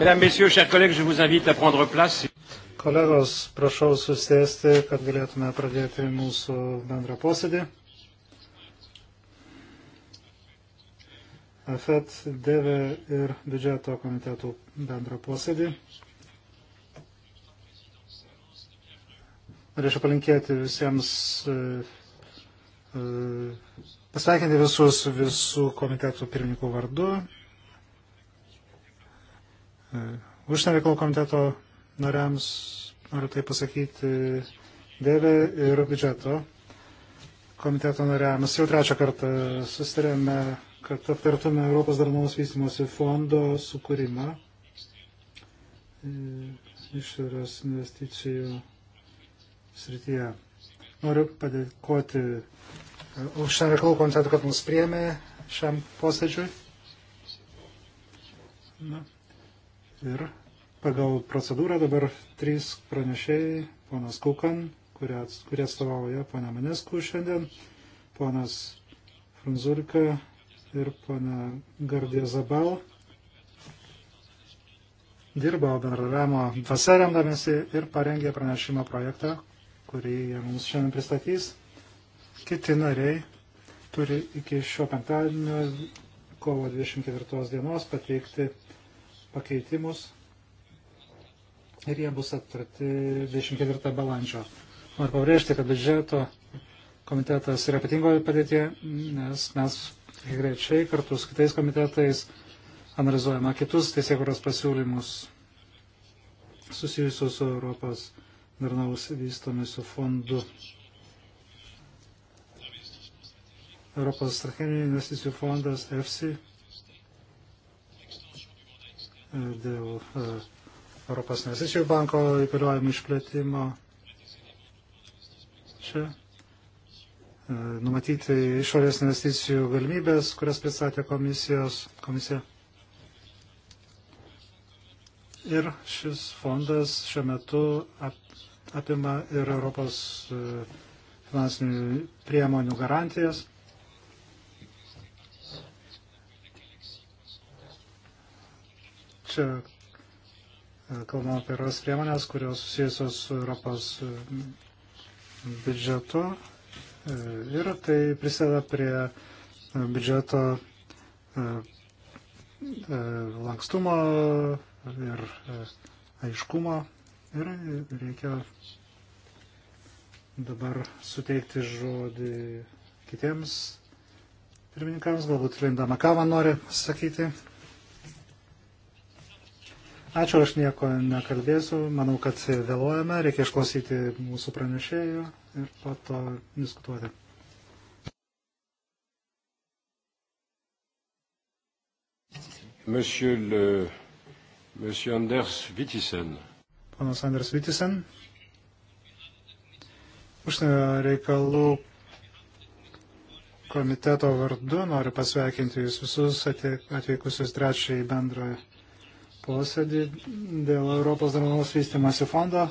Mesdames, Messieurs, chers collègues, je vous invite à prendre place. Kolegos, prašau susėsti, kad galėtume pradėti mūsų bendrą posėdį. AFET, DV ir biudžeto komitetų bendrą posėdį. Norėčiau palinkėti visiems, e, e, pasveikinti visus visų komitetų pirmininkų vardu E, užsienio reikalų komiteto nariams, noriu tai pasakyti, dėvė ir biudžeto komiteto nariams. Jau trečią kartą susitarėme, kad aptartume Europos darnaus vystimosi fondo sukūrimą e, išorės investicijų srityje. Noriu padėkoti e, užsienio reikalų komitetui, kad mus priemė šiam posėdžiui. Na, Ir pagal procedūrą dabar trys pranešėjai, ponas Kukan, kurie atstovauja ponia Manesku šiandien, ponas Frunzulka ir ponia Gardė Zabal. Dirbo bendraramo dvasia remdamėsi ir parengė pranešimo projektą, kurį jie mums šiandien pristatys. Kiti nariai turi iki šio penktadienio kovo 24 dienos pateikti pakeitimus ir jie bus aptarti 24 balandžio. Noriu pabrėžti, kad biudžeto komitetas yra ypatingoje padėtėje, nes mes grečiai kartu su kitais komitetais analizuojame kitus teisėkuros pasiūlymus susijusius su Europos darnaus vystomisiu fondu. Europos strateginių investicijų fondas EFSI dėl e, Europos investicijų banko įgaliojimų išplėtimo. Čia e, numatyti išorės investicijų galimybės, kurias pristatė komisijos, komisija. Ir šis fondas šiuo metu apima ir Europos e, finansinių priemonių garantijas. Čia e, kalbam apie ras priemonės, kurios susijusios su Europos biudžetu e, ir tai prisideda prie e, biudžeto lankstumo ir aiškumo ir reikia dabar suteikti žodį kitiems pirmininkams, galbūt Linda Makava nori sakyti. Ačiū, aš nieko nekalbėsiu. Manau, kad vėluojame. Reikia išklausyti mūsų pranešėjų ir po to diskutuoti. Monsieur, le, Monsieur Anders Vitisen. Panas Anders Vitisen. Užsienio reikalų komiteto vardu noriu pasveikinti jūs visus atvykusius trečiai bendroje posėdį dėl Europos darnaus vystimasi fondo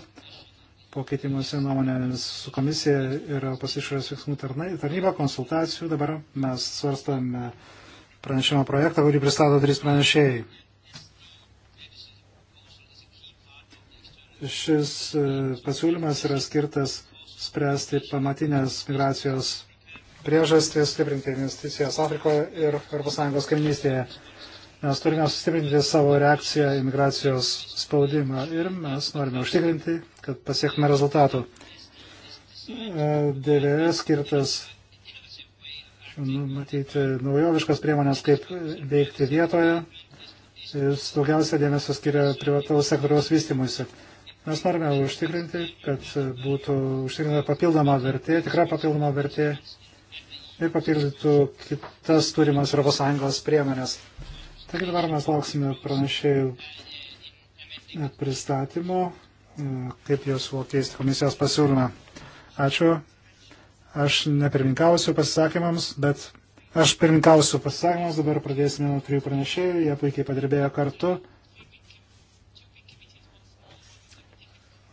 pokeitimuose nuomonėmis su komisija ir pasišvarės veiksmų tarnyba konsultacijų. Dabar mes svarstame pranešimo projektą, kurį pristato trys pranešėjai. Šis e, pasiūlymas yra skirtas spręsti pamatinės migracijos priežastis, stiprinti investicijas Afrikoje ir ES kaiminystėje. Mes turime sustiprinti savo reakciją į migracijos spaudimą ir mes norime užtikrinti, kad pasiektume rezultatų. DVE skirtas nu, matyti naujoviškas priemonės, kaip veikti vietoje. Jis daugiausia dėmesio skiria privataus sektoriaus vystimuisi. Mes norime užtikrinti, kad būtų užtikrinta papildoma vertė, tikra papildoma vertė ir papildytų kitas turimas ES priemonės. Taigi dabar mes lauksime pranešėjų e, pristatymo, e, kaip jie suvo keisti komisijos pasiūlymą. Ačiū. Aš nepirminkausiu pasisakymams, bet aš pirminkausiu pasisakymams, dabar pradėsime nuo trijų pranešėjų, jie puikiai padirbėjo kartu. E,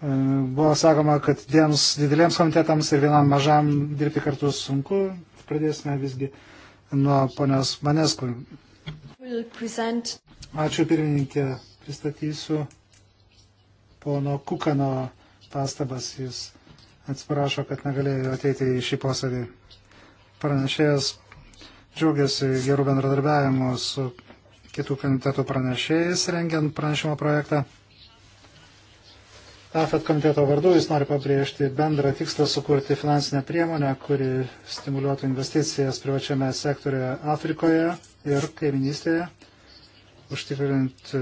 buvo sakoma, kad dviems dideliems komitetams ir vienam mažam dirbti kartu sunku. Pradėsime visgi nuo ponios Maneskui present... Ačiū pirmininkė, pristatysiu pono Kukano pastabas. Jis atsiprašo, kad negalėjo ateiti į šį posėdį. Pranešėjas džiaugiasi gerų bendradarbiavimų su kitų kandidatų pranešėjais rengiant pranešimo projektą. AFET komiteto vardu jis nori pabrėžti bendrą tikslą sukurti finansinę priemonę, kuri stimuliuotų investicijas privačiame sektorioje Afrikoje ir kaiminystėje, užtikrint e,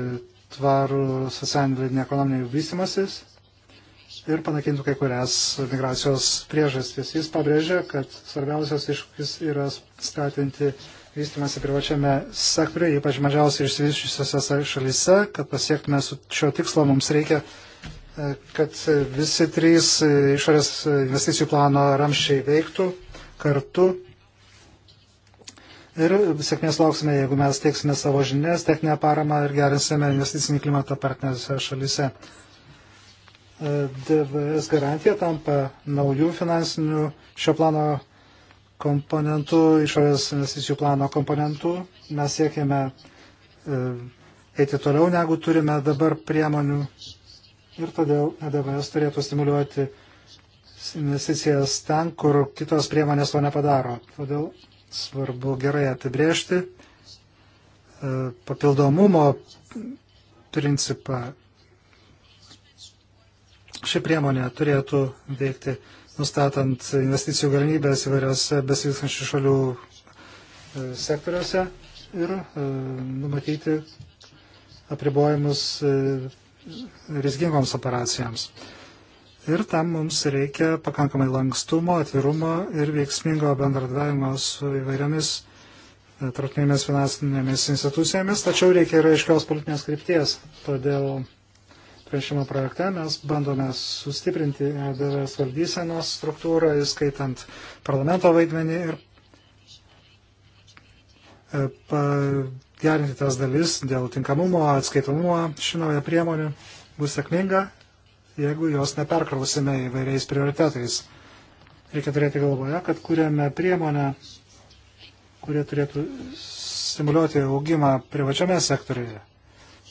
tvarų socialinį ir ekonominį vystimasis ir panakintų kai kurias migracijos priežastis. Jis pabrėžia, kad svarbiausias iššūkis yra skatinti vystimąsi privačiame sektoriuje, ypač mažiausiai išsivyščiusiose šalyse, kad pasiektume su šio tikslo mums reikia kad visi trys išorės investicijų plano ramščiai veiktų kartu. Ir sėkmės lauksime, jeigu mes teiksime savo žinias, techninę paramą ir gerinsime investicinį klimatą partnerėse šalise. DVS garantija tampa naujų finansinių šio plano komponentų, išorės investicijų plano komponentų. Mes siekime e, eiti toliau, negu turime dabar priemonių ir todėl EDVS turėtų stimuliuoti investicijas ten, kur kitos priemonės to nepadaro. Todėl svarbu gerai apibrėžti e, papildomumo principą. Ši priemonė turėtų veikti, nustatant investicijų galimybės įvairiose besivystančių šalių e, sektoriuose ir e, numatyti apribojimus rizgingoms operacijoms. Ir tam mums reikia pakankamai lankstumo, atvirumo ir veiksmingo bendradavimo su įvairiomis e, tarptautinėmis finansinėmis institucijomis, tačiau reikia ir aiškios politinės krypties. Todėl priešimo projekte mes bandome sustiprinti EDVS valdysenos struktūrą, įskaitant parlamento vaidmenį ir e, gerinti tas dalis dėl tinkamumo, atskaitomumo ši nauja priemonė bus sėkminga, jeigu jos neperkrausime įvairiais prioritetais. Reikia turėti galvoje, kad kūrėme priemonę, kurie turėtų stimuliuoti augimą privačiame sektoriuje.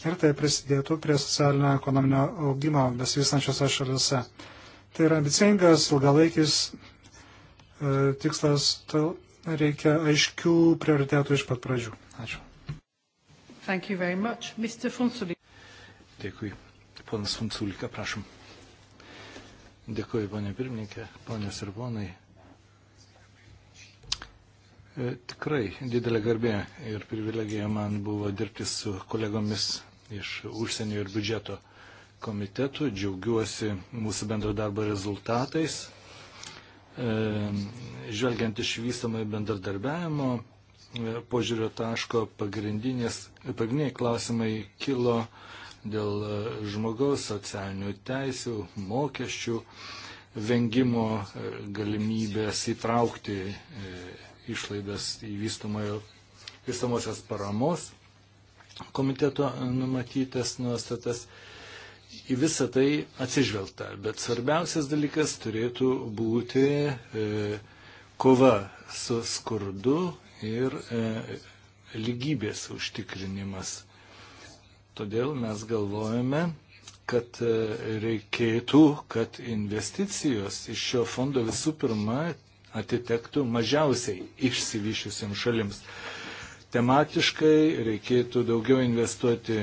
Ir tai prisidėtų prie socialinio ekonominio augimo besivystančiose šalise. Tai yra ambicingas, ilgalaikis e, tikslas, reikia aiškių prioritetų iš pat pradžių. Ačiū. Thank you very much. Mr. Funsulika. Dėkui. Ponas Funsulika, prašom. Dėkui, ponė pirmininkė, ponės ir ponai. E, tikrai didelė garbė ir privilegija man buvo dirbti su kolegomis iš užsienio ir biudžeto komitetų. Džiaugiuosi mūsų bendro darbo rezultatais. E, žvelgiant iš vystamai bendradarbiavimo požiūrio taško pagrindiniai klausimai kilo dėl žmogaus socialinių teisių, mokesčių, vengimo galimybės įtraukti e, išlaidas į vystamosios paramos komiteto numatytas nuostatas. Į visą tai atsižvelgta, bet svarbiausias dalykas turėtų būti e, kova su skurdu ir e, lygybės užtikrinimas. Todėl mes galvojame, kad e, reikėtų, kad investicijos iš šio fondo visų pirma atitektų mažiausiai išsivyšiusiam šalims. Tematiškai reikėtų daugiau investuoti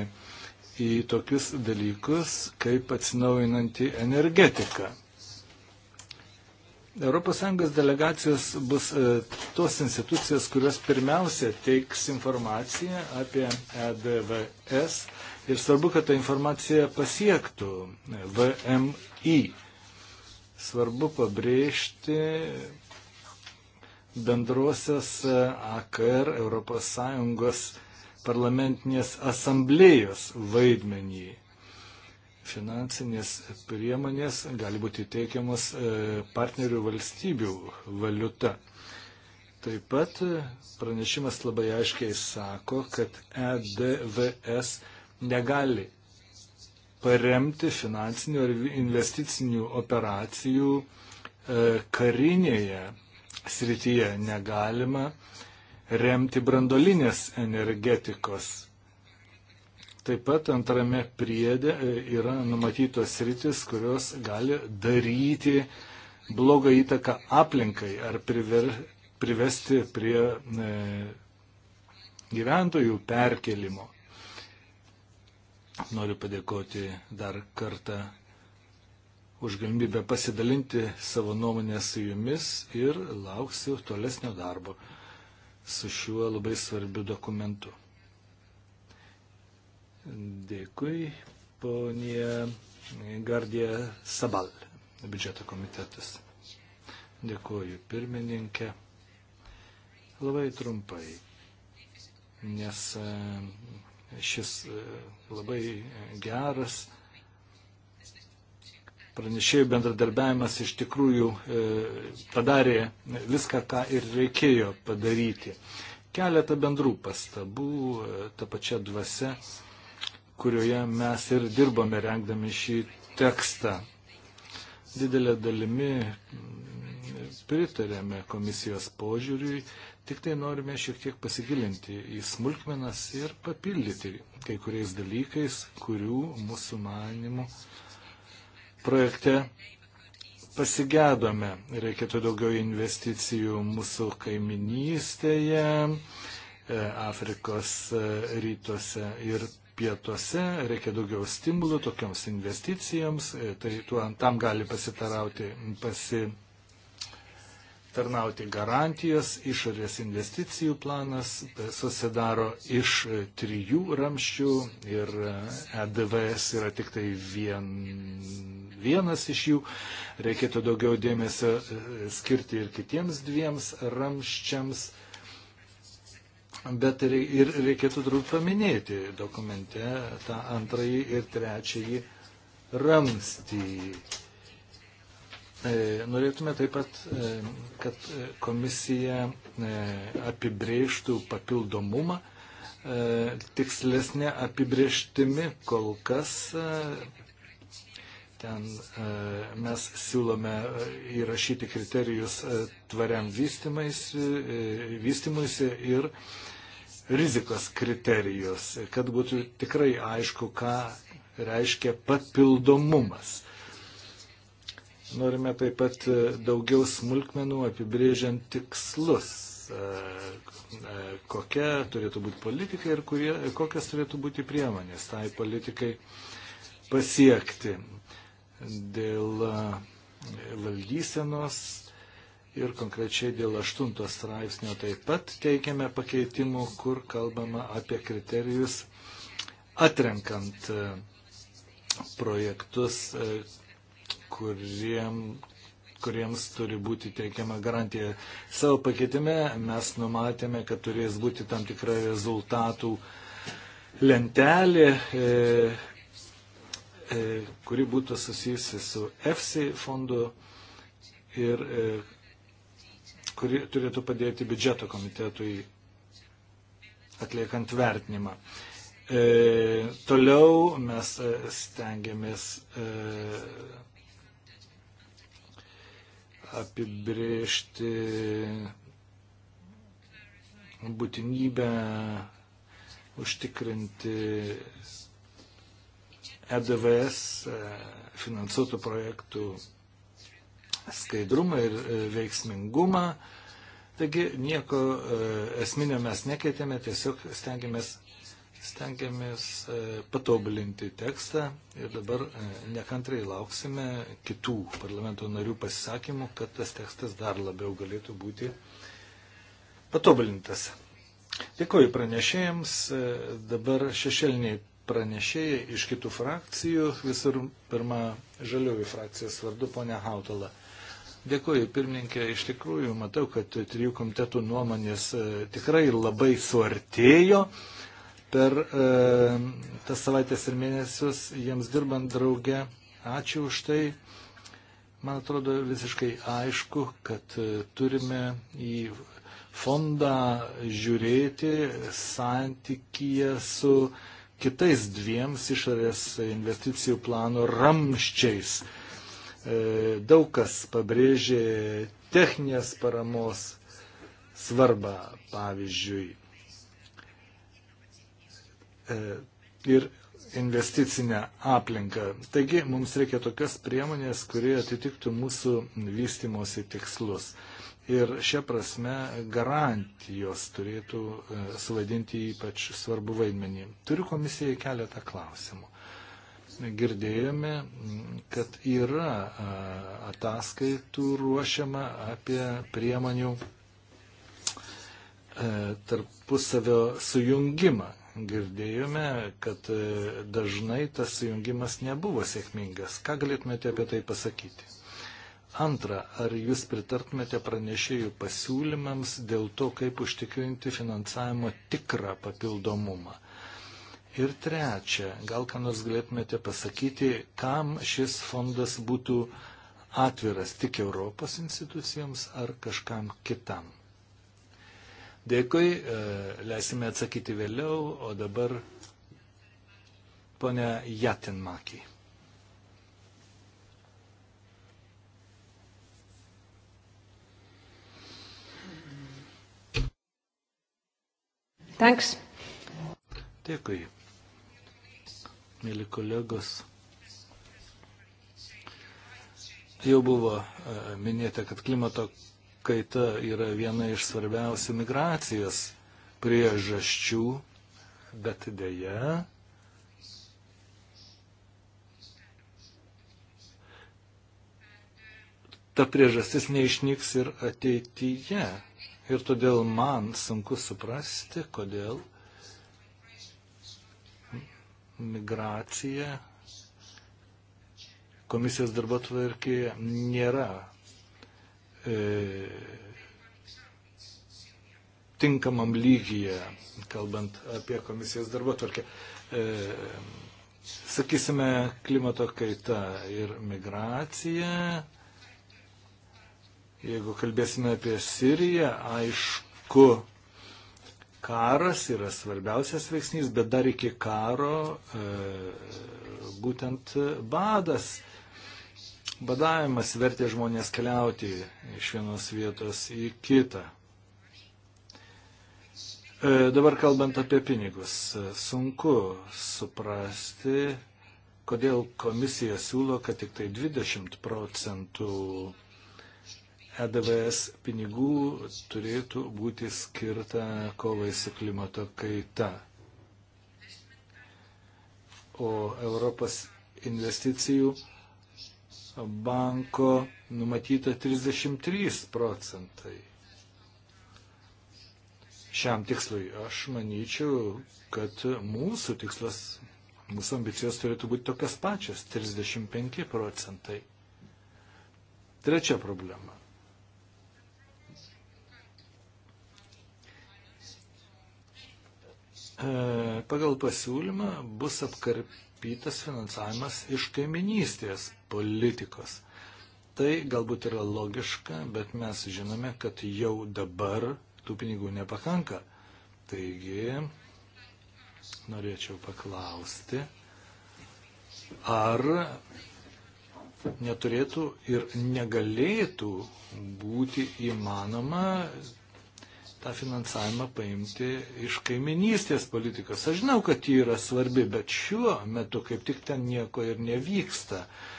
į tokius dalykus kaip atsinaujinanti energetika. ES delegacijos bus e, tos institucijos, kurios pirmiausia teiks informaciją apie EDVS ir svarbu, kad ta informacija pasiektų VMI. Svarbu pabrėžti bendrosios e, AKR ES parlamentinės asamblėjos vaidmenį finansinės priemonės gali būti teikiamas e, partnerių valstybių valiuta. Taip pat e, pranešimas labai aiškiai sako, kad EDVS negali paremti finansinių ar investicinių operacijų e, karinėje srityje. Negalima remti brandolinės energetikos Taip pat antrame priedė e, yra numatytos rytis, kurios gali daryti blogą įtaką aplinkai ar priver, privesti prie e, gyventojų perkelimo. Noriu padėkoti dar kartą už galimybę pasidalinti savo nuomonę su jumis ir lauksiu tolesnio darbo su šiuo labai svarbiu dokumentu. Dėkui, ponė Gardija Sabal, biudžeto komitetas. Dėkuoju, pirmininkė. Labai trumpai, nes e, šis e, labai geras pranešėjų bendradarbiavimas iš tikrųjų e, padarė viską, ką ir reikėjo padaryti. Keletą bendrų pastabų, ta pačia dvasia kurioje mes ir dirbame rengdami šį tekstą. Didelė dalimi pritarėme komisijos požiūriui, tik tai norime šiek tiek pasigilinti į smulkmenas ir papildyti kai kuriais dalykais, kurių mūsų manimų projekte pasigėdome. Reikėtų daugiau investicijų mūsų kaiminystėje, e, Afrikos e, rytuose ir pietuose, reikia daugiau stimulų tokioms investicijoms, e, tai tuo, tam gali pasitarauti, pasitarnauti garantijos, išorės investicijų planas e, susidaro iš e, trijų ramščių ir EDVS yra tik tai vien, vienas iš jų, reikėtų daugiau dėmesio skirti ir kitiems dviems ramščiams Bet ir reikėtų turbūt paminėti dokumente tą antrąjį ir trečiąjį ramstį. E, norėtume taip pat, e, kad komisija e, apibrėžtų papildomumą tikslesnė apibrėžtimi kol kas Ten e, mes siūlome įrašyti kriterijus e, tvariam e, vystimuisi ir rizikos kriterijus, kad būtų tikrai aišku, ką reiškia papildomumas. Norime taip pat daugiau smulkmenų apibrėžiant tikslus, kokia turėtų būti politika ir kurie, kokias turėtų būti priemonės tai politikai pasiekti dėl e, valdysenos ir konkrečiai dėl 8 straipsnio taip pat teikiame pakeitimų, kur kalbama apie kriterijus atrenkant e, projektus, e, kuriem, kuriems turi būti teikiama garantija. Savo pakeitime mes numatėme, kad turės būti tam tikra rezultatų lentelė, E, kuri būtų susijusi su EFSI fondu ir e, kuri turėtų padėti biudžeto komitetui atliekant vertinimą. E, toliau mes e, stengiamės e, apibriežti būtinybę užtikrinti EDVS e, finansuotų projektų skaidrumą ir e, veiksmingumą. Taigi nieko e, esminio mes nekeitėme, tiesiog stengiamės, stengiamės patobulinti tekstą ir dabar nekantrai lauksime kitų parlamento narių pasisakymų, kad tas tekstas dar labiau galėtų būti patobulintas. Dėkuoju pranešėjams. Dabar šešelniai pranešėjai iš kitų frakcijų, visur pirma žaliųjų frakcijos vardu, ponia Hautala. Dėkuoju, pirmininkė, iš tikrųjų matau, kad trijų komitetų nuomonės e, tikrai labai suartėjo per e, tas savaitės ir mėnesius jiems dirbant drauge. Ačiū už tai. Man atrodo visiškai aišku, kad e, turime į fondą žiūrėti santykyje su e, kitais dviems išorės investicijų plano ramščiais. E, daug kas pabrėžė techninės paramos svarbą, pavyzdžiui. E, ir investicinę aplinką. Taigi mums reikia tokias priemonės, kurie atitiktų mūsų vystimosi tikslus. Ir šia prasme garantijos turėtų e, suvaidinti ypač svarbu vaidmenį. Turiu komisijai keletą klausimų. Girdėjome, kad yra e, ataskaitų ruošiama apie priemonių e, tarpusavio sujungimą girdėjome, kad e, dažnai tas sujungimas nebuvo sėkmingas. Ką galėtumėte apie tai pasakyti? Antra, ar jūs pritartumėte pranešėjų pasiūlymams dėl to, kaip užtikrinti finansavimo tikrą papildomumą? Ir trečia, gal ką nors galėtumėte pasakyti, kam šis fondas būtų atviras tik Europos institucijoms ar kažkam kitam? Dėkui, e, leisime atsakyti vėliau, o dabar ponia Jatinmakį. Thanks. Dėkui. Mėly kolegos. Jau buvo e, minėta, kad klimato kaita yra viena iš svarbiausių migracijos priežasčių, bet dėja ta priežastis neišnyks ir ateityje. Ir todėl man sunku suprasti, kodėl migracija komisijos darbo tvarkėje nėra E, tinkamam lygyje, kalbant apie komisijos darbo tvarkę. E, sakysime, klimato kaita ir migracija. Jeigu kalbėsime apie Siriją, aišku, karas yra svarbiausias veiksnys, bet dar iki karo e, būtent badas Badavimas vertė žmonės keliauti iš vienos vietos į kitą. E, dabar kalbant apie pinigus, e, sunku suprasti, kodėl komisija siūlo, kad tik tai 20 procentų EDVS pinigų turėtų būti skirta kovai su klimato kaita. O Europos investicijų banko numatyta 33 procentai. Šiam tikslui aš manyčiau, kad mūsų tikslas, mūsų ambicijos turėtų būti tokias pačias - 35 procentai. Trečia problema. E, pagal pasiūlymą bus apkarpytas finansavimas iš kaiminystės politikos. Tai galbūt yra logiška, bet mes žinome, kad jau dabar tų pinigų nepakanka. Taigi, norėčiau paklausti, ar neturėtų ir negalėtų būti įmanoma tą finansavimą paimti iš kaiminystės politikos. Aš žinau, kad ji yra svarbi, bet šiuo metu kaip tik ten nieko ir nevyksta. Uh,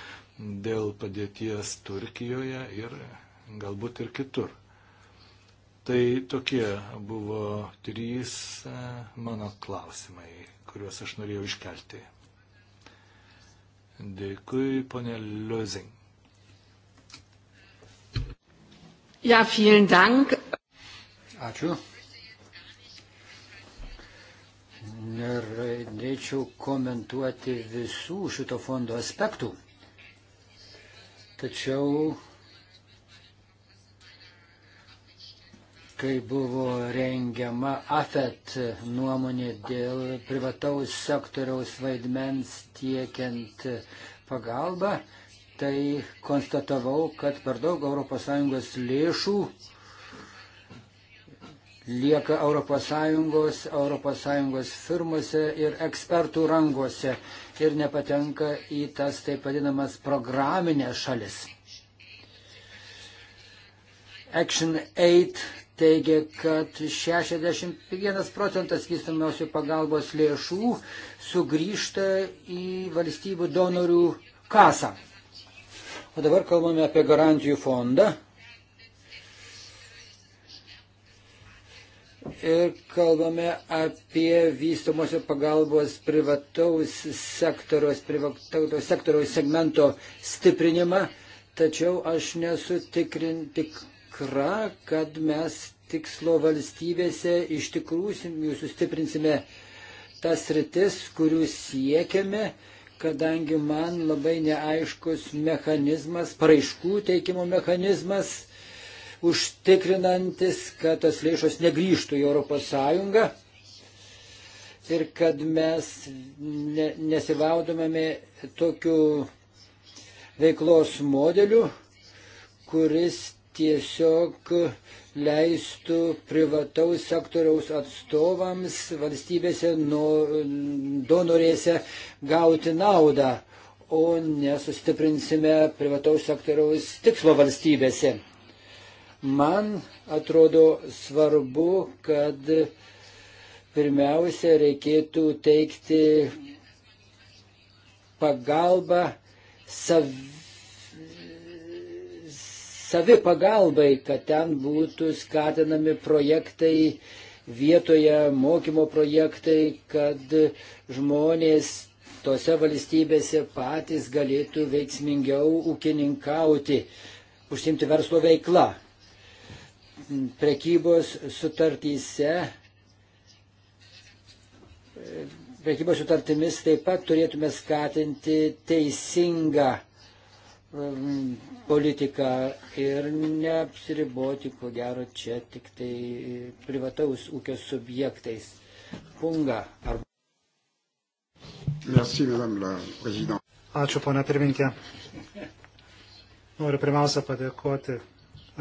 dėl padėties Turkijoje ir galbūt ir kitur. Tai tokie buvo trys e, mano klausimai, kuriuos aš norėjau iškelti. Dėkui, ponė Liuzing. Ja, vielen Dank. Ačiū. Norėčiau komentuoti visų šito fondo aspektų. Tačiau, kai buvo rengiama AFET nuomonė dėl privataus sektoriaus vaidmens tiekiant pagalbą, tai konstatavau, kad per daug ES lėšų lieka ES, ES firmose ir ekspertų ranguose ir nepatenka į tas taip vadinamas programinės šalis. Action 8 teigia, kad 61 procentas vystamosių pagalbos lėšų sugrįžta į valstybių donorių kasą. O dabar kalbame apie garantijų fondą, ir kalbame apie vystomosio pagalbos privataus sektoriaus, privataus sektoriaus segmento stiprinimą, tačiau aš nesu tikrin, tikra, kad mes tikslo valstybėse iš tikrųjų sustiprinsime tas rytis, kurių siekiame, kadangi man labai neaiškus mechanizmas, paraiškų teikimo mechanizmas užtikrinantis, kad tos lėšos negryžtų į ES ir kad mes ne, nesivaudomėme tokiu veiklos modeliu, kuris tiesiog leistų privataus sektoriaus atstovams valstybėse donorėse gauti naudą, o nesustiprinsime privataus sektoriaus tikslo valstybėse. Man atrodo svarbu, kad pirmiausia reikėtų teikti pagalbą sav... savi pagalbai, kad ten būtų skatinami projektai vietoje, mokymo projektai, kad žmonės tose valstybėse patys galėtų veiksmingiau ūkininkauti, užsimti verslo veiklą prekybos sutartyse, prekybos sutartimis taip pat turėtume skatinti teisingą um, politiką ir neapsiriboti, ko gero, čia tik tai privataus ūkio subjektais. Punga. Arba... Merci, madame la présidente. Ačiū, ponia pirminkė. Noriu pirmiausia padėkoti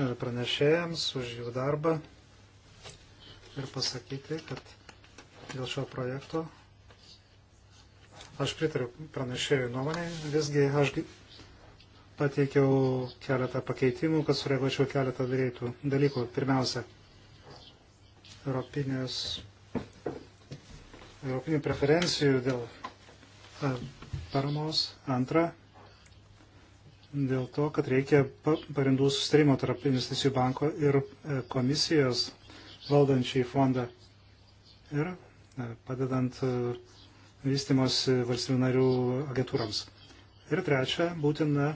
ir pranešėjams už jų darbą ir pasakyti, kad dėl šio projekto aš pritariu pranešėjų nuomonėje, visgi aš pateikiau keletą pakeitimų, kad sureaguočiau keletą greitų dalykų. Pirmiausia, europinės, europinių preferencijų dėl e, paramos. Antra, dėl to, kad reikia parindų sustarimo tarp investicijų banko ir e, komisijos valdančiai fondą ir e, padedant e, vystimos valstybių narių agentūrams. Ir trečia, būtina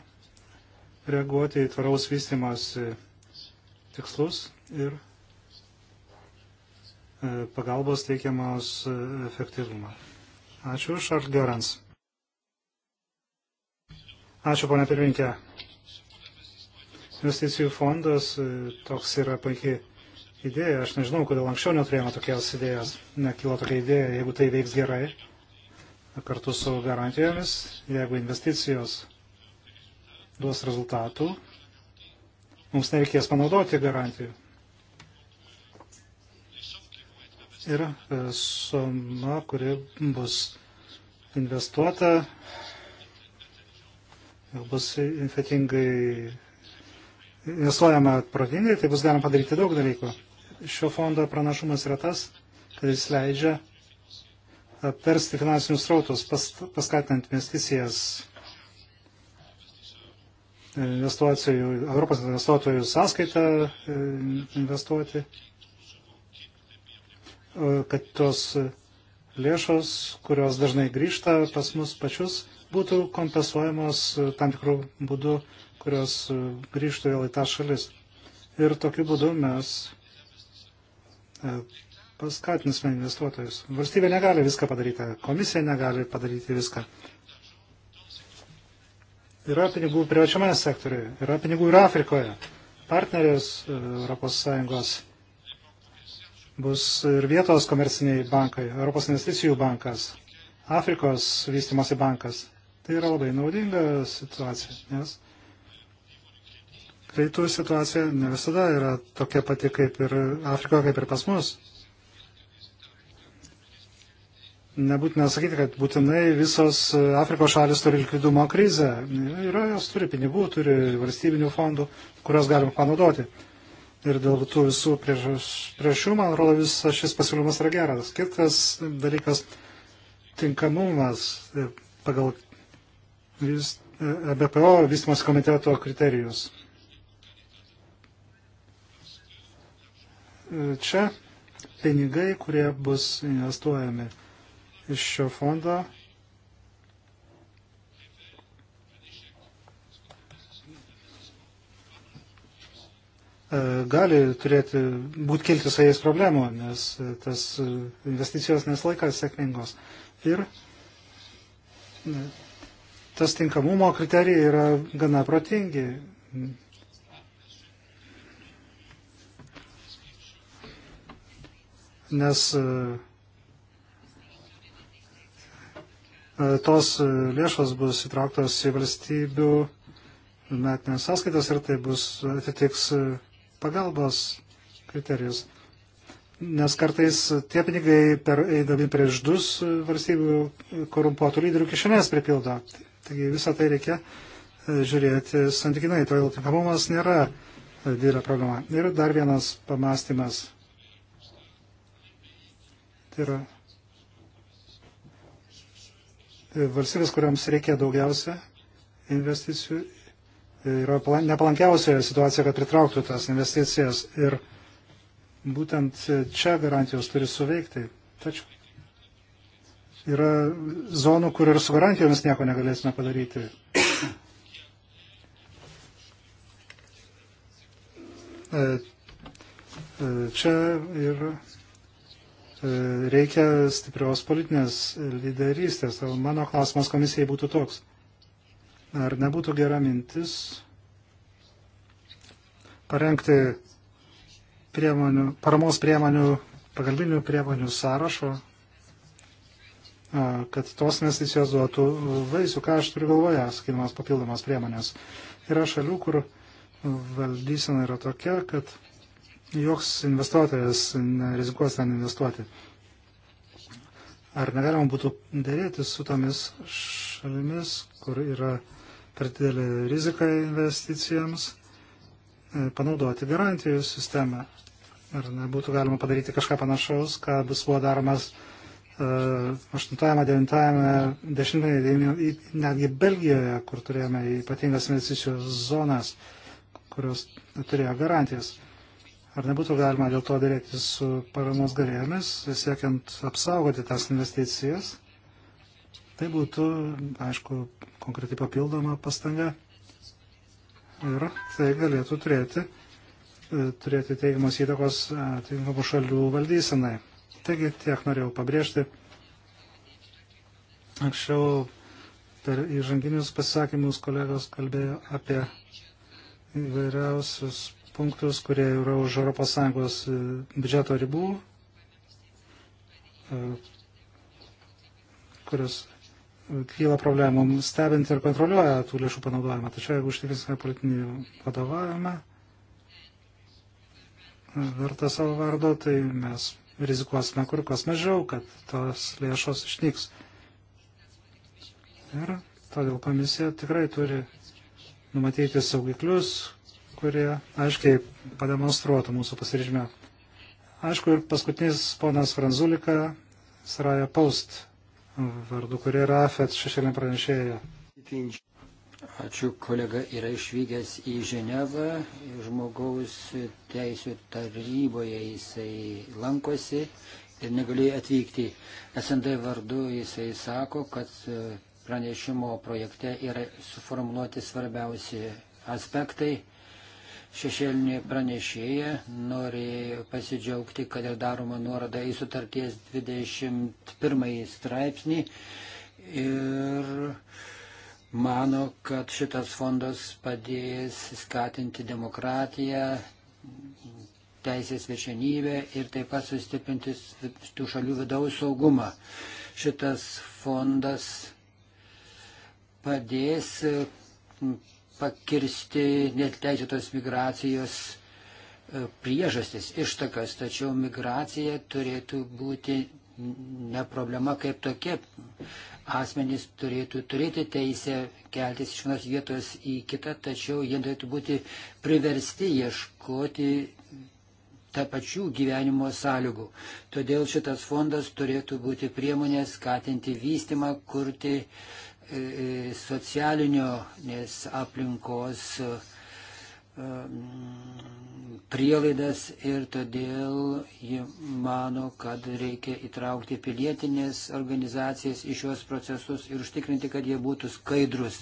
reaguoti į tvaraus vystimos tikslus ir pagalbos teikiamos efektyvumą. Ačiū, Šarl Gerans. Ačiū, ponia pirminkė. Investicijų fondas e, toks yra puikiai idėja. Aš nežinau, kodėl anksčiau neturėjome tokios idėjos. Nekilo tokia idėja, jeigu tai veiks gerai kartu su garantijomis, jeigu investicijos duos rezultatų, mums nereikės panaudoti garantijų. Ir e, suma, kuri bus investuota, bus infetingai investuojama protingai, tai bus galima padaryti daug dalykų. Šio fondo pranašumas yra tas, kad jis leidžia apversti finansinius srautus, pas, paskatinant investicijas investuotojų, Europos investuotojų sąskaitą e, investuoti, kad tos lėšos, kurios dažnai grįžta pas mus pačius, būtų kompensuojamos e, tam tikrų būdų, kurios e, grįžtų vėl į tą šalis. Ir tokiu būdu mes e, paskatinsime investuotojus. Valstybė negali viską padaryti, komisija negali padaryti viską. Yra pinigų privačiame sektoriuje, yra pinigų ir Afrikoje. Partneris ES bus ir vietos komerciniai bankai, Europos investicijų bankas, Afrikos vystimosi bankas. Tai yra labai naudinga situacija, nes Rytų situacija ne visada yra tokia pati kaip ir Afrikoje, kaip ir pas mus. Nebūtina sakyti, kad būtinai visos Afrikos šalis turi likvidumo krizę. Yra, jos turi pinigų, turi valstybinių fondų, kuriuos galima panaudoti. Ir dėl tų visų priešių, man atrodo, visas šis pasiūlymas yra geras. Kitas dalykas - tinkamumas pagal vis, e, e BPO vystimas komiteto kriterijus. E, čia pinigai, kurie bus investuojami iš šio fondo, gali turėti, būt kilti su jais problemų, nes tas investicijos neslaikas sėkmingos. Ir tas tinkamumo kriterijai yra gana protingi. Nes e, tos lėšos bus įtrauktos į valstybių metinės sąskaitas ir tai bus atitiks pagalbos kriterijus. Nes kartais tie pinigai per, eidami prieš dus valstybių korumpuotų lyderių kišenės pripildo. Taigi visą tai reikia e, žiūrėti santykinai, todėl tinkamumas nėra e, didelė problema. Ir dar vienas pamastymas. Tai yra e, valstybės, kuriams reikia daugiausia investicijų, yra nepalankiausioje situacijoje, kad pritrauktų tas investicijas. Ir būtent čia garantijos turi suveikti. Tačiau Yra zonų, kur ir su garantijomis nieko negalėsime padaryti. E, e, čia ir e, reikia stiprios politinės lyderystės. O mano klausimas komisijai būtų toks. Ar nebūtų gera mintis parengti priemonių, paramos priemonių, pagalbinių priemonių sąrašo, kad tos investicijos duotų vaisių, ką aš turiu galvoje, sakydamas papildomas priemonės. Yra šalių, kur valdysena yra tokia, kad joks investuotojas nerizikuos ten investuoti. Ar negalima būtų dėrėti su tomis šalimis, kur yra per didelė rizika investicijams, e, panaudoti garantijų sistemą? Ar nebūtų galima padaryti kažką panašaus, ką bus buvo daromas 8-9 dešimtmetį, netgi Belgijoje, kur turėjome ypatingas investicijų zonas, kurios turėjo garantijas. Ar nebūtų galima dėl to dėrėti su paramos gavėjomis, siekiant apsaugoti tas investicijas? Tai būtų, aišku, konkretai papildoma pastanga ir tai galėtų turėti, turėti teigiamos įtakos e, atitinkamų šalių valdysenai. Taigi tiek norėjau pabrėžti. Anksčiau per įžanginius pasisakymus kolegos kalbėjo apie įvairiausius punktus, kurie yra už ES biudžeto ribų, e, kurios kyla problemų stebinti ir kontroliuoja tų lėšų panaudojimą. Tačiau jeigu užtikrinsime politinį vadovavimą e, vertą savo vardo, tai mes rizikuosime kur kas mažiau, kad tos lėšos išnyks. Ir todėl komisija tikrai turi numatyti saugiklius, kurie aiškiai pademonstruotų mūsų pasiryžimą. Aišku, ir paskutinis ponas Franzulika, Saraja Post vardu, kurie yra AFET šešėlė pranešėja. Ačiū kolega yra išvykęs į Ženevą, žmogaus teisų taryboje jisai lankosi ir negalėjo atvykti. SND vardu jisai sako, kad e, pranešimo projekte yra suformuoluoti svarbiausi aspektai. Šešėlinė pranešėja nori pasidžiaugti, kad yra daroma nuoroda į sutarties 21 straipsnį. Ir mano, kad šitas fondas padės skatinti demokratiją, teisės viršenybę ir taip pat sustiprinti tų šalių vidaus saugumą. Šitas fondas padės pakirsti neteisėtos migracijos e, priežastis, ištakas, tačiau migracija turėtų būti ne problema kaip tokia asmenys turėtų turėti teisę keltis iš vienos vietos į kitą, tačiau jie turėtų būti priversti ieškoti tą pačių gyvenimo sąlygų. Todėl šitas fondas turėtų būti priemonė skatinti vystimą, kurti e, e socialinio nes aplinkos e, prielaidas ir todėl ji mano, kad reikia įtraukti pilietinės organizacijas į šios procesus ir užtikrinti, kad jie būtų skaidrus.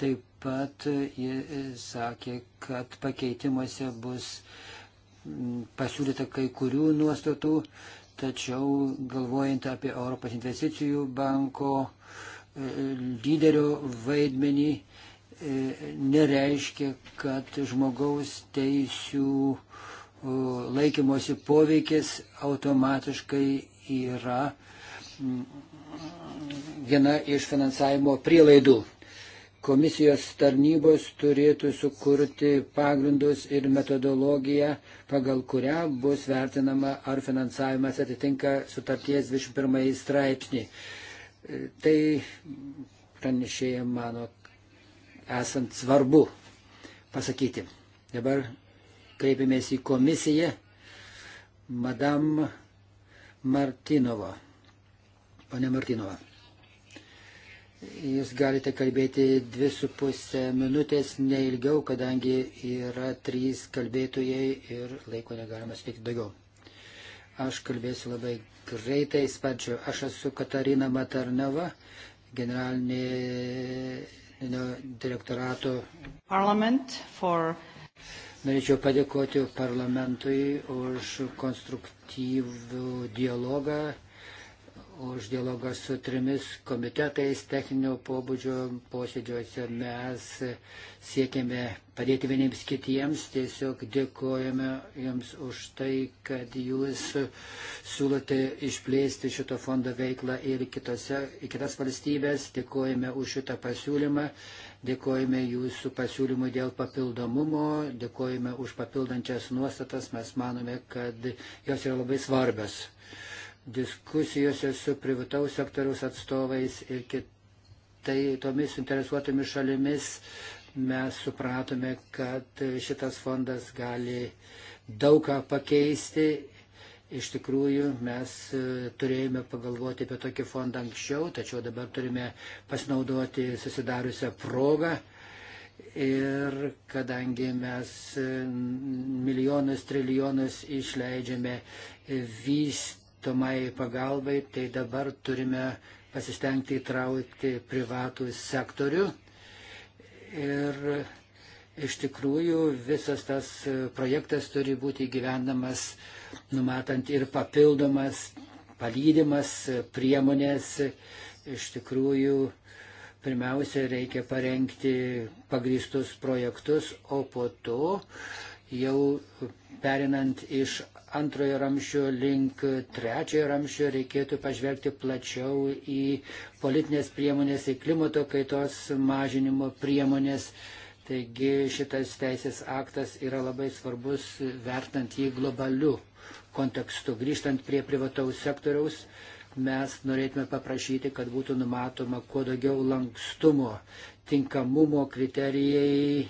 Taip pat jie sakė, kad pakeitimuose bus pasiūlyta kai kurių nuostatų, tačiau galvojant apie Europos investicijų banko e, lyderio vaidmenį, e, nereiškia, kad žmogaus teisų laikymosi poveikis automatiškai yra mm, viena iš finansavimo prielaidų. Komisijos tarnybos turėtų sukurti pagrindus ir metodologiją, pagal kurią bus vertinama, ar finansavimas atitinka sutarties 21 straipsnį. Tai pranešėjai mano esant svarbu pasakyti. Dabar kreipėmės į komisiją Madam Martinovo. Pane Martinova, jūs galite kalbėti dvi su pusę minutės, neilgiau, kadangi yra trys kalbėtojai ir laiko negalima suteikti daugiau. Aš kalbėsiu labai greitai, sparčiu. Aš esu Katarina Matarnava, generalinė direktorato. Parlament for Norėčiau padėkoti parlamentui už konstruktyvų dialogą, už dialogą su trimis komitetais techninio pobūdžio posėdžiuose. Mes siekėme padėti vieniems kitiems, tiesiog dėkojame jums už tai, kad jūs siūlote išplėsti šito fondo veiklą ir kitose, į kitas valstybės. Dėkojame už šitą pasiūlymą. Dėkojame jūsų pasiūlymų dėl papildomumo, dėkojame už papildančias nuostatas, mes manome, kad jos yra labai svarbios. Diskusijose su privataus sektoriaus atstovais ir kitai tomis interesuotomis šalimis mes supratome, kad šitas fondas gali daugą pakeisti Iš tikrųjų, mes e, turėjome pagalvoti apie tokį fondą anksčiau, tačiau dabar turime pasinaudoti susidariusią progą. Ir kadangi mes e, milijonus, trilijonus išleidžiame vystomai pagalbai, tai dabar turime pasistengti įtraukti privatų sektorių. Ir iš tikrųjų visas tas e, projektas turi būti gyvendamas uh, numatant ir papildomas palydimas priemonės. Iš tikrųjų, pirmiausia, reikia parengti pagristus projektus, o po to jau perinant iš antrojo ramščio link trečiojo ramščio reikėtų pažvelgti plačiau į politinės priemonės, į klimato kaitos mažinimo priemonės. Taigi šitas teisės aktas yra labai svarbus vertant jį globaliu kontekstu. Grįžtant prie privataus sektoriaus, mes norėtume paprašyti, kad būtų numatoma kuo daugiau lankstumo, tinkamumo kriterijai.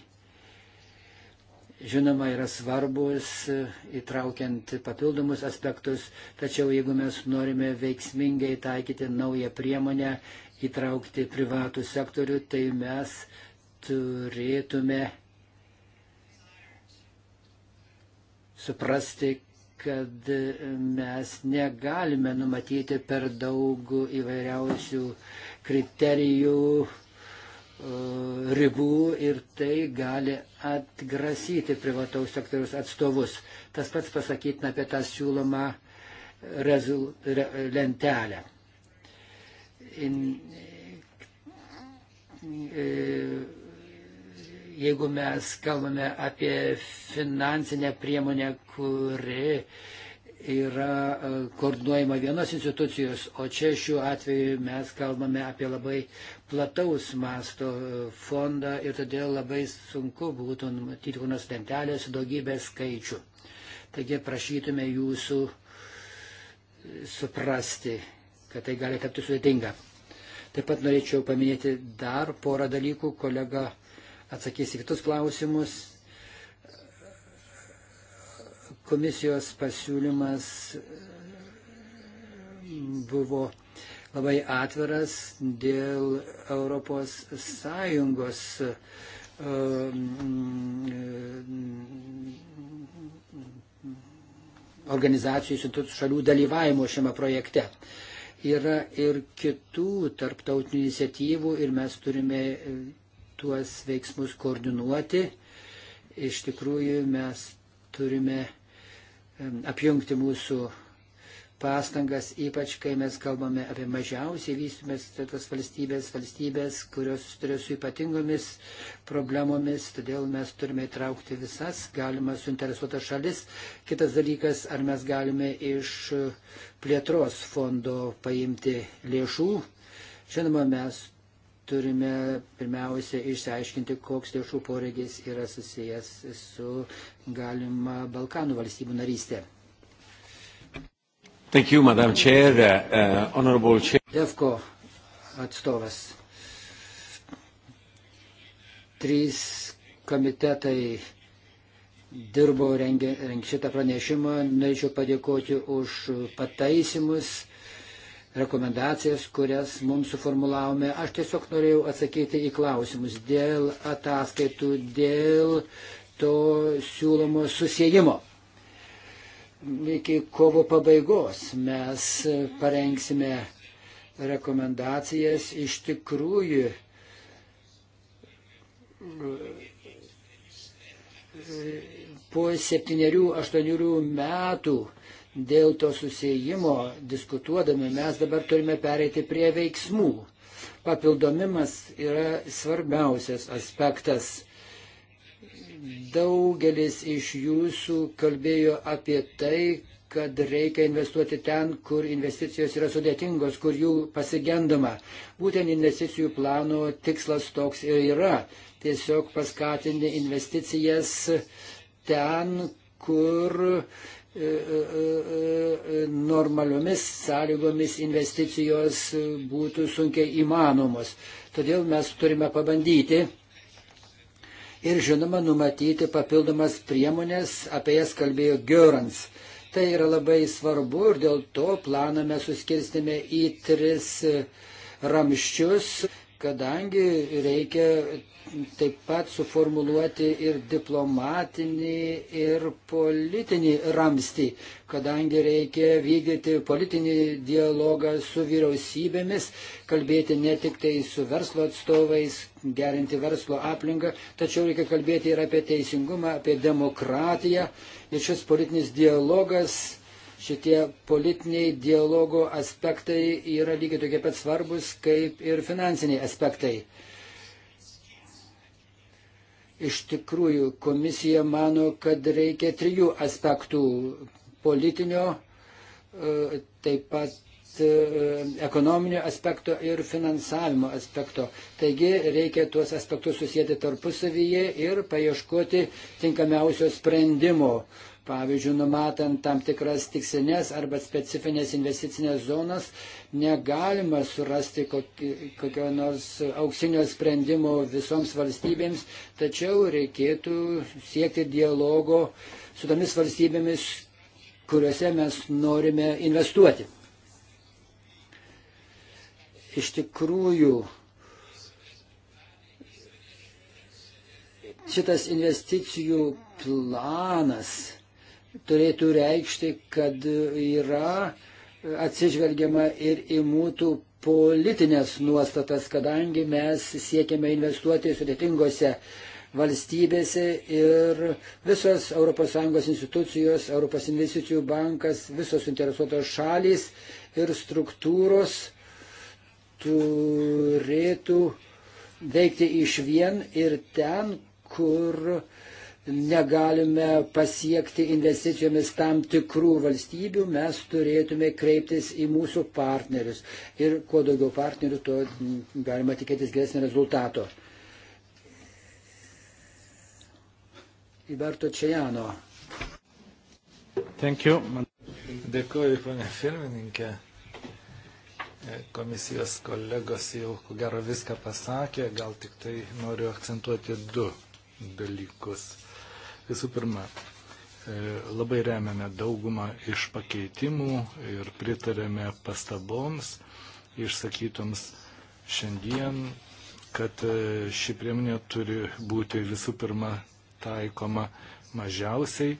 Žinoma, yra svarbus įtraukiant papildomus aspektus, tačiau jeigu mes norime veiksmingai taikyti naują priemonę, įtraukti privatų sektorių, tai mes turėtume suprasti, kad mes negalime numatyti per daug įvairiausių kriterijų, e, ribų ir tai gali atgrasyti privataus sektoriaus atstovus. Tas pats pasakytina apie tą siūlomą rezul, re, lentelę. In, e, jeigu mes kalbame apie finansinę priemonę, kuri yra e, koordinuojama vienos institucijos, o čia šiuo atveju mes kalbame apie labai plataus masto e, fondą ir todėl labai sunku būtų numatyti kokios lentelės daugybę skaičių. Taigi prašytume jūsų e, suprasti, kad tai gali tapti sudėtinga. Taip pat norėčiau paminėti dar porą dalykų. Kolega atsakys į kitus klausimus. Komisijos pasiūlymas buvo labai atviras dėl Europos Sąjungos um, organizacijų institucijų šalių dalyvavimo šiame projekte. Yra ir kitų tarptautinių iniciatyvų ir mes turime tuos veiksmus koordinuoti. Iš tikrųjų mes turime apjungti mūsų pastangas, ypač kai mes kalbame apie mažiausiai vystumės tas valstybės, valstybės, kurios susiduria su ypatingomis problemomis, todėl mes turime įtraukti visas galimas suinteresuotas šalis. Kitas dalykas, ar mes galime iš plėtros fondo paimti lėšų. Žinoma, mes turime pirmiausia išsiaiškinti, koks lėšų poreikis yra susijęs su galima Balkanų valstybių narystė. Thank you, Madam Chair, uh, uh Honorable Chair. DEFCO atstovas. Trys komitetai dirbo rengiant šitą pranešimą. Norėčiau padėkoti už pataisimus rekomendacijas, kurias mums suformulavome. Aš tiesiog norėjau atsakyti į klausimus dėl ataskaitų, dėl to siūlomo susijimo. Iki kovo pabaigos mes parengsime rekomendacijas. Iš tikrųjų, po septyniarių, aštuoniarių metų Dėl to susijimo diskutuodami mes dabar turime pereiti prie veiksmų. Papildomimas yra svarbiausias aspektas. Daugelis iš jūsų kalbėjo apie tai, kad reikia investuoti ten, kur investicijos yra sudėtingos, kur jų pasigendama. Būtent investicijų plano tikslas toks ir yra. Tiesiog paskatinti investicijas ten, kur e, e, e, normaliomis sąlygomis investicijos būtų sunkiai įmanomos. Todėl mes turime pabandyti ir žinoma numatyti papildomas priemonės, apie jas kalbėjo Görans. Tai yra labai svarbu ir dėl to planą mes suskirstėme į tris ramščius kadangi reikia taip pat suformuluoti ir diplomatinį, ir politinį ramstį, kadangi reikia vykdyti politinį dialogą su vyriausybėmis, kalbėti ne tik tai su verslo atstovais, gerinti verslo aplinką, tačiau reikia kalbėti ir apie teisingumą, apie demokratiją. Ir šis politinis dialogas šitie politiniai dialogo aspektai yra lygiai tokie pat svarbus kaip ir finansiniai aspektai. Iš tikrųjų, komisija mano, kad reikia trijų aspektų - politinio, e, taip pat e, ekonominio aspekto ir finansavimo aspekto. Taigi reikia tuos aspektus susijęti tarpusavyje ir paieškoti tinkamiausio sprendimo. Pavyzdžiui, numatant tam tikras tikslinės arba specifinės investicinės zonas, negalima surasti kokio nors auksinio sprendimo visoms valstybėms, tačiau reikėtų siekti dialogo su tomis valstybėmis, kuriuose mes norime investuoti. Iš tikrųjų, šitas investicijų planas turėtų reikšti, kad yra atsižvelgiama ir į mūtų politinės nuostatas, kadangi mes siekiame investuoti sudėtingose valstybėse ir visos ES institucijos, ES investicijų bankas, visos interesuotos šalys ir struktūros turėtų veikti iš vien ir ten, kur uh, negalime pasiekti investicijomis tam tikrų valstybių, mes turėtume kreiptis į mūsų partnerius. Ir kuo daugiau partnerių, tuo galima tikėtis geresnio rezultato. Iberto Čiajano. Thank you. Dėkuoju, ponė pirmininkė. E, komisijos kolegos jau ko gero viską pasakė, gal tik tai noriu akcentuoti du dalykus. Visų pirma, e, labai remiame daugumą iš pakeitimų ir pritarėme pastaboms išsakytoms šiandien, kad e, ši priemonė turi būti visų pirma taikoma mažiausiai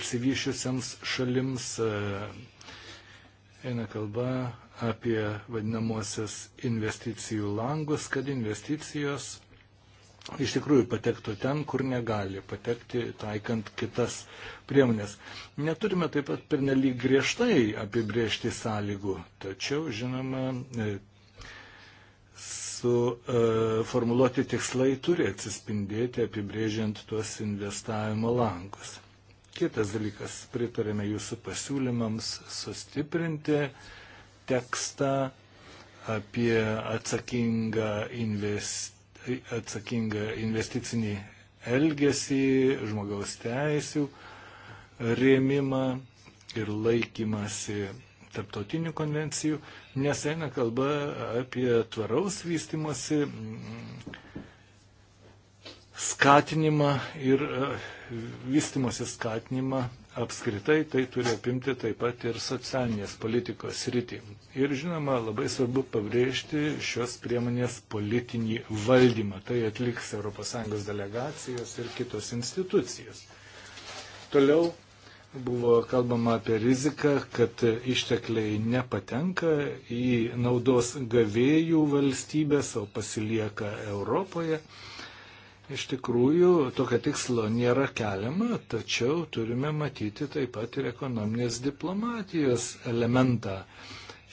išsivyšiusiams šalims. E, eina kalba apie vadinamosios investicijų langus, kad investicijos iš tikrųjų patektų ten, kur negali patekti, taikant kitas priemonės. Neturime taip pat pernelyg griežtai apibriežti sąlygų, tačiau, žinoma, suformuluoti e, e tikslai turi atsispindėti apibrėžiant tuos investavimo langus. Kitas dalykas, pritarėme jūsų pasiūlymams sustiprinti tekstą apie atsakingą investiciją atsakingą investicinį elgesį, žmogaus teisių rėmimą ir laikymasi tarptautinių konvencijų, nes eina kalba apie tvaraus vystimosi skatinimą ir e, vystimosi skatinimą apskritai tai turi apimti taip pat ir socialinės politikos rytį. Ir žinoma, labai svarbu pabrėžti šios priemonės politinį valdymą. Tai atliks ES delegacijos ir kitos institucijos. Toliau buvo kalbama apie riziką, kad ištekliai nepatenka į naudos gavėjų valstybės, o pasilieka Europoje. Iš tikrųjų, tokio tikslo nėra keliama, tačiau turime matyti taip pat ir ekonominės diplomatijos elementą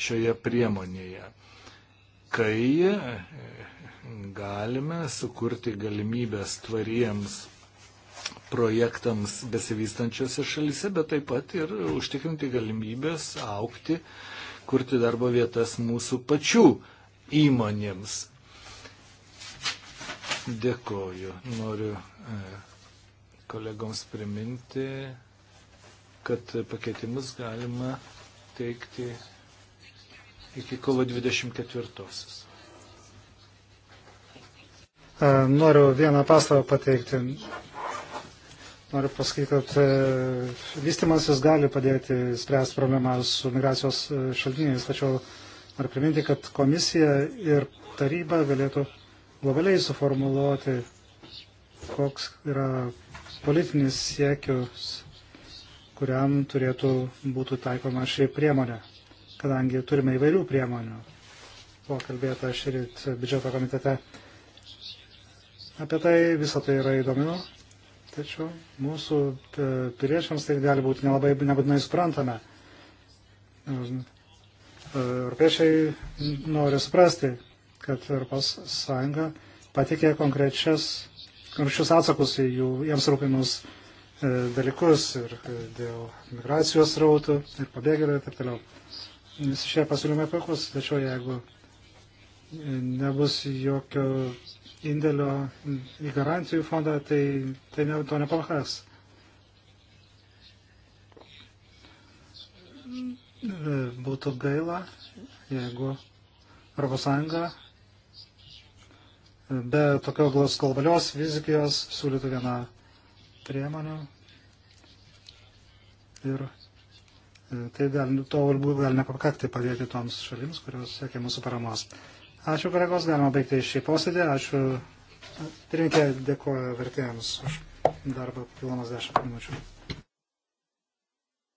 šioje priemonėje, kai e, galime sukurti galimybės tvariems projektams besivystančiose šalise, bet taip pat ir užtikrinti galimybės aukti, kurti darbo vietas mūsų pačių įmonėms. Dėkoju. Noriu e, kolegoms priminti, kad pakeitimus galima teikti iki kovo 24. E, noriu vieną pastabą pateikti. Noriu pasakyti, kad e, vystimasis gali padėti spręsti problemą su migracijos šaltiniais, tačiau noriu priminti, kad komisija ir taryba galėtų globaliai suformuluoti, koks yra politinis siekius, kuriam turėtų būti taikoma ši priemonė, kadangi turime įvairių priemonių. Buvo kalbėta šįryt biudžeto komitete. Apie tai visą tai yra įdomu, tačiau mūsų e, piliečiams tai gali būti nelabai nebūtinai suprantame. E, europiečiai nori suprasti, kad ES patikė konkrečius atsakus į jų, jiems rūpimus e, dalykus ir e, dėl migracijos rautų ir pabėgėlių ir taip toliau. Visi šie pasiūlymai puikus, tačiau jeigu e, nebus jokio indėlio į garantijų fondą, tai, tai ne, to nepakaks. Būtų gaila, jeigu ES be tokios globalios vizijos siūlytų vieną priemonių. Ir e, tai gal, to galbūt gal nepakakti padėti toms šalims, kurios siekia mūsų paramos. Ačiū, kolegos, galima baigti šį posėdį. Ačiū, pirinkė, dėkuoju vertėjams už darbą papildomas 10 minučių.